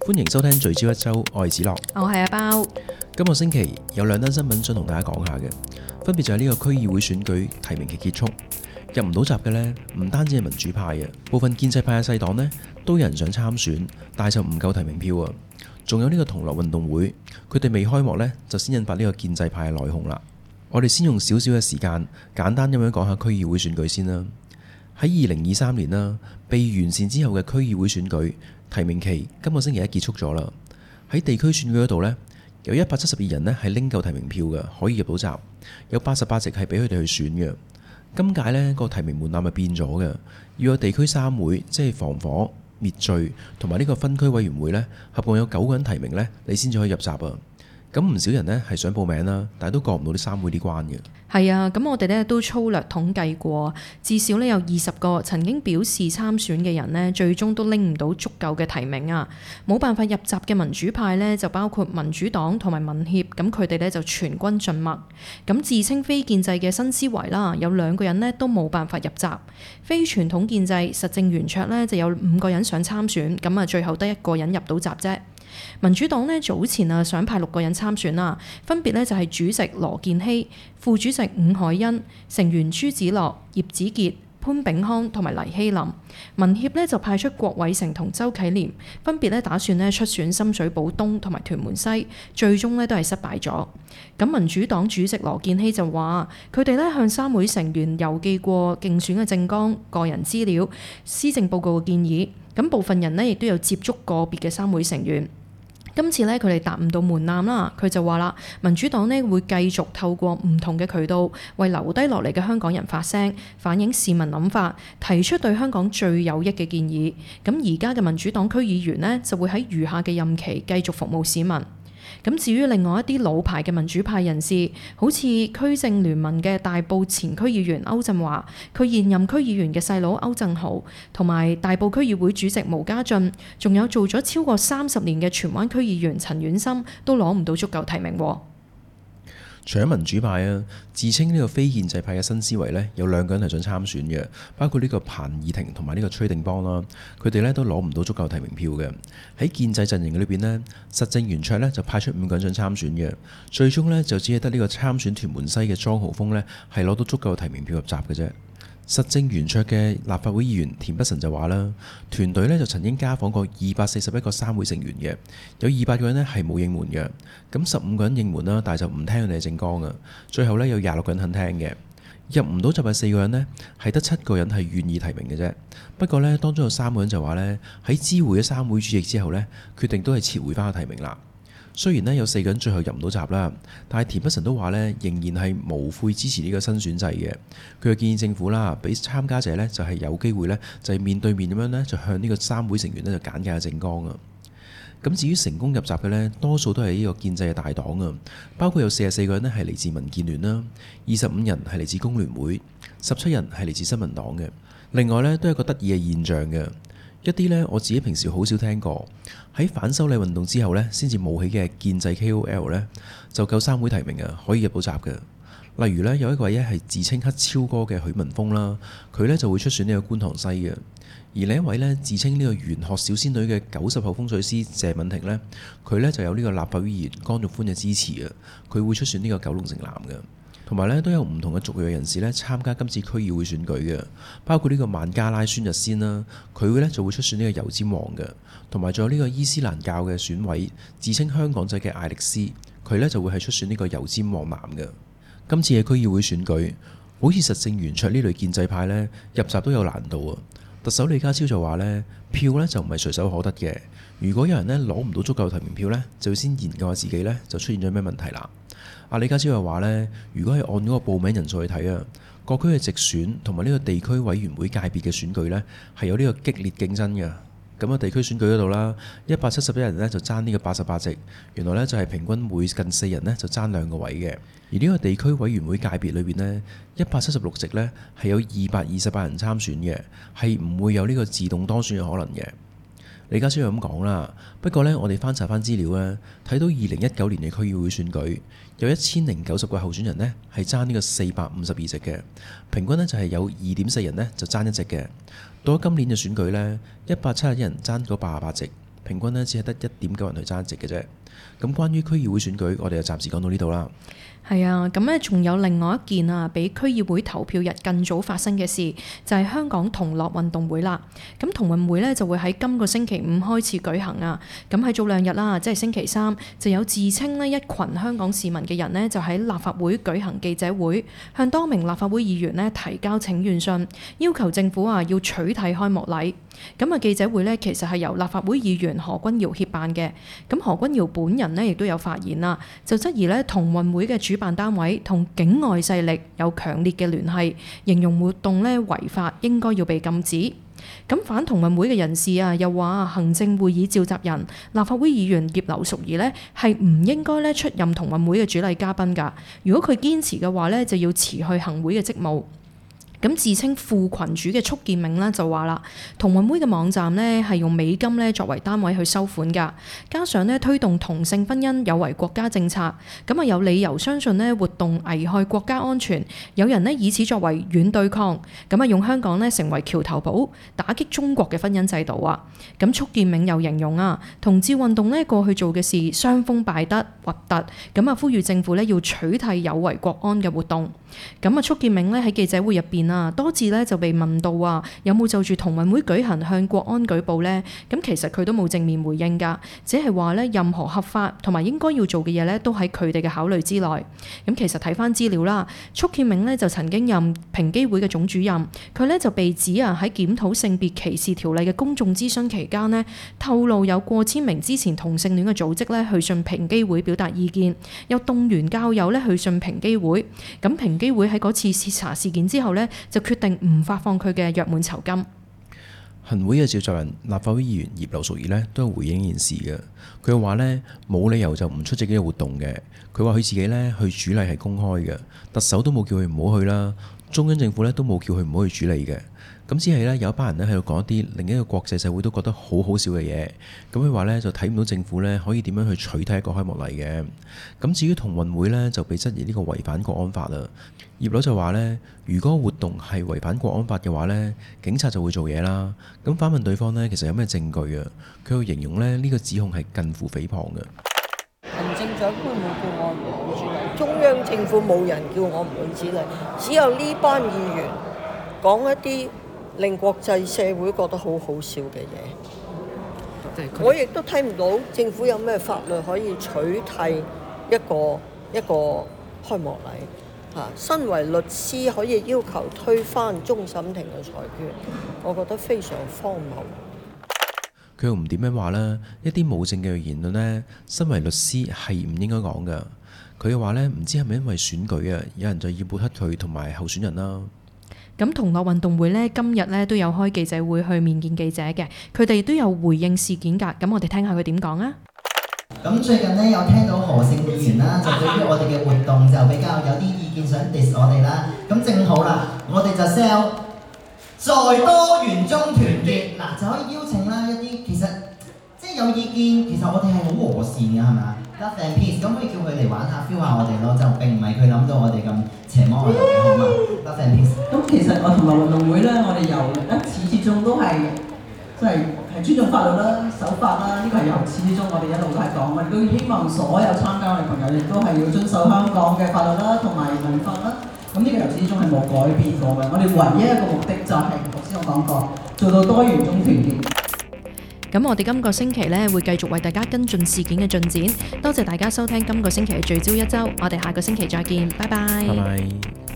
歡迎收聽聚焦一周，我係子樂，我係阿、哦啊、包。今個星期有兩單新聞想同大家講下嘅，分別就係呢個區議會選舉提名期結束，入唔到閘嘅呢，唔單止係民主派嘅，部分建制派嘅細黨呢，都有人想參選，但係就唔夠提名票啊。仲有呢個同樂運動會，佢哋未開幕呢，就先引發呢個建制派嘅內訌啦。我哋先用少少嘅時間，簡單咁樣講下區議會選舉先啦。喺二零二三年啦，被完善之後嘅區議會選舉。提名期今個星期一結束咗喇。喺地區選舉嗰度呢，有一百七十二人咧係拎夠提名票嘅，可以入到閘，有八十八席係俾佢哋去選嘅。今屆呢個提名門檻咪變咗嘅，要有地區三會，即係防火滅罪同埋呢個分區委員會呢，合共有九個人提名呢，你先至可以入閘啊。咁唔少人呢係想報名啦，但係都過唔到啲三會啲關嘅。係啊，咁我哋咧都粗略統計過，至少咧有二十個曾經表示參選嘅人咧，最終都拎唔到足夠嘅提名啊！冇辦法入閘嘅民主派咧，就包括民主黨同埋民協，咁佢哋咧就全軍盡墨。咁自稱非建制嘅新思維啦，有兩個人咧都冇辦法入閘。非傳統建制、實政圓桌咧，就有五個人想參選，咁啊最後得一個人入到閘啫。民主黨咧早前啊，想派六個人參選啦，分別咧就係主席羅健熙、副主席伍海恩、成員朱子樂、葉子傑、潘炳康同埋黎希林。民協咧就派出郭偉成同周啟廉，分別咧打算咧出選深水埗東同埋屯門西，最終咧都係失敗咗。咁民主黨主席羅健熙就話：佢哋咧向三會成員郵寄過競選嘅政綱、個人資料、施政報告嘅建議。咁部分人咧亦都有接觸個別嘅三會成員。今次呢，佢哋達唔到門檻啦，佢就話啦，民主黨呢會繼續透過唔同嘅渠道為留低落嚟嘅香港人發聲，反映市民諗法，提出對香港最有益嘅建議。咁而家嘅民主黨區議員呢，就會喺餘下嘅任期繼續服務市民。咁至於另外一啲老牌嘅民主派人士，好似區政聯盟嘅大埔前區議員歐振華，佢現任區議員嘅細佬歐振豪，同埋大埔區議會主席毛家俊，仲有做咗超過三十年嘅荃灣區議員陳琬琛，都攞唔到足夠提名喎。除咗民主派啊，自稱呢個非建制派嘅新思維呢，有兩個人係想參選嘅，包括呢個彭以庭同埋呢個崔定邦啦。佢哋呢都攞唔到足夠提名票嘅。喺建制陣營嘅呢邊咧，實政圓桌呢就派出五個人想參選嘅，最終呢，就只係得呢個參選屯門西嘅莊浩峰呢，係攞到足夠提名票入閘嘅啫。實政圓桌嘅立法會議員田北辰就話啦：團隊呢就曾經家訪過二百四十一個三會成員嘅，有二百個人呢係冇應門嘅，咁十五個人應門啦，但係就唔聽佢哋嘅政綱嘅。最後呢，有廿六個人肯聽嘅，入唔到就係四個人呢，係得七個人係願意提名嘅啫。不過呢，當中有三個人就話呢，喺知會咗三會主席之後呢，決定都係撤回翻個提名啦。雖然呢，有四個人最後入唔到閘啦，但係田北辰都話呢，仍然係無悔支持呢個新選制嘅。佢又建議政府啦，俾參加者呢，就係有機會呢，就係面對面咁樣呢，就向呢個三會成員呢，就簡介下政綱啊。咁至於成功入閘嘅呢，多數都係呢個建制嘅大黨啊，包括有四十四個人呢，係嚟自民建聯啦，二十五人係嚟自工聯會，十七人係嚟自新民黨嘅。另外呢，都係一個得意嘅現象嘅。一啲呢，我自己平時好少聽過喺反修例運動之後呢，先至冒起嘅建制 K.O.L 呢，就夠三會提名啊，可以入閘嘅。例如呢，有一個位係自稱黑超哥嘅許文峰啦，佢呢就會出選呢個觀塘西嘅；而另一位呢，自稱呢個玄學小仙女嘅九十後風水師謝敏婷呢，佢呢就有呢個立法會議員江玉歡嘅支持啊，佢會出選呢個九龍城南嘅。同埋咧，都有唔同嘅族裔人士咧參加今次區議會選舉嘅，包括呢個孟加拉孫日先啦，佢咧就會出選呢個油尖旺嘅，同埋仲有呢個伊斯蘭教嘅選委，自稱香港仔嘅艾力斯，佢咧就會係出選呢個油尖旺南嘅。今次嘅區議會選舉，好似實政圓桌呢類建制派咧入閘都有難度啊！特首李家超就話呢票呢就唔係隨手可得嘅。如果有人呢攞唔到足夠提名票呢，就要先研究下自己呢就出現咗咩問題啦。阿李家超又話呢，如果係按嗰個報名人數去睇啊，各區嘅直選同埋呢個地區委員會界別嘅選舉呢，係有呢個激烈競爭嘅。咁啊，地區選舉嗰度啦，一百七十一人咧就爭呢個八十八席，原來咧就係平均每近四人咧就爭兩個位嘅。而呢個地區委員會界別裏邊呢，一百七十六席咧係有二百二十八人參選嘅，係唔會有呢個自動當選嘅可能嘅。李家超又咁講啦，不過呢，我哋翻查返資料呢，睇到二零一九年嘅區議會選舉有一千零九十個候選人呢係爭呢個四百五十二席嘅。平均呢就係有二點四人呢就爭一席嘅。到咗今年嘅選舉呢，一百七十一人爭咗八十八席。平均呢，只係得一點九人去爭席嘅啫。咁關於區議會選舉，我哋就暫時講到呢度啦。係啊，咁呢，仲有另外一件啊，比區議會投票日更早發生嘅事，就係香港同樂運動會啦。咁同運會呢，就會喺今個星期五開始舉行啊。咁喺早兩日啦，即係星期三，就有自稱呢一群香港市民嘅人呢，就喺立法會舉行記者會，向多名立法會議員呢提交請願信，要求政府啊要取締開幕禮。咁啊，記者會咧其實係由立法會議員何君堯協辦嘅。咁何君堯本人呢，亦都有發言啦，就質疑呢，同運會嘅主辦單位同境外勢力有強烈嘅聯繫，形容活動咧違法，應該要被禁止。咁反同運會嘅人士啊，又話行政會議召集人立法會議員葉劉淑儀呢，係唔應該咧出任同運會嘅主禮嘉賓㗎。如果佢堅持嘅話呢，就要辭去行會嘅職務。咁自稱副群主嘅束建明咧就話啦，同運會嘅網站咧係用美金作為單位去收款噶，加上咧推動同性婚姻有違國家政策，咁啊有理由相信呢活動危害國家安全，有人呢以此作為軟對抗，咁啊用香港呢成為橋頭堡，打擊中國嘅婚姻制度啊。咁束建明又形容啊，同志運動呢過去做嘅事傷風敗德、核突，咁啊呼籲政府呢要取締有違國安嘅活動。咁啊，束建明呢，喺記者會入邊啊，多次呢就被問到話，有冇就住同樂運動會舉行向國安舉報呢？咁其實佢都冇正面回應噶，只係話呢，任何合法同埋應該要做嘅嘢呢，都喺佢哋嘅考慮之內。咁其實睇翻資料啦，束建明呢就曾經任平機會嘅總主任，佢呢就被指啊喺檢討性別歧視條例嘅公眾諮詢期間呢，透露有過千名之前同性戀嘅組織呢，去信平機會表達意見，又動員教友呢，去信平機會。咁平機會喺嗰次徹查事件之後呢，就決定唔發放佢嘅約滿酬金。行會嘅召集人立法會議員葉劉淑儀呢，都有回應呢件事嘅。佢話呢，冇理由就唔出席呢個活動嘅。佢話佢自己呢，去主禮係公開嘅，特首都冇叫佢唔好去啦，中央政府呢，都冇叫佢唔好去主禮嘅。咁只係咧，有一班人咧喺度講一啲另一個國際社會都覺得好好笑嘅嘢。咁佢話呢，就睇唔到政府呢可以點樣去取締一個開幕禮嘅。咁至於同運會呢，就被質疑呢個違反國安法啦。葉劉就話呢，如果活動係違反國安法嘅話呢，警察就會做嘢啦。咁反問對方呢，其實有咩證據啊？佢又形容呢，呢個指控係近乎誹謗嘅。行政長官冇叫我唔好處理，中央政府冇人叫我唔去處理，只有呢班議員講一啲，令國際社會覺得好好笑嘅嘢， 我亦都睇唔到政府有咩法律可以取締一個一個開幕禮。嚇、啊，身為律師可以要求推翻終審庭嘅裁決，我覺得非常荒謬。佢 又唔點樣話呢？一啲冇證嘅言論呢，身為律師係唔應該講㗎。佢話呢，唔知係咪因為選舉啊，有人就要抹黑佢同埋候選人啦。咁同樂運動會咧，今日咧都有開記者會去面見記者嘅，佢哋都有回應事件㗎。咁我哋聽下佢點講啊？咁最近咧有聽到何姓議員啦，就對於我哋嘅活動就比較有啲意見想 diss 我哋啦。咁正好啦，我哋就 sell 在多元中團結，嗱就可以邀請啦一啲其實即係有意見，其實我哋係好和善嘅，係咪啊？Love and peace，咁可以叫佢哋玩下，feel、嗯、下我哋咯，就並唔係佢諗到我哋咁邪魔惡毒耶好嘛，Love and peace 咁其實我同樂運動會咧，我哋由一始始終都係即係係尊重法律啦、守法啦，呢、這個係由始至終我哋一路都係講，我哋都希望所有參加我哋朋友亦都係要遵守香港嘅法律啦、同埋憲法啦。咁呢個由始至終係冇改變過嘅。我哋唯一一個目的就係、是，頭先我講過做到多元中團結。咁我哋今個星期呢，會繼續為大家跟進事件嘅進展，多謝大家收聽今個星期嘅聚焦一周，我哋下個星期再見，拜拜。拜拜。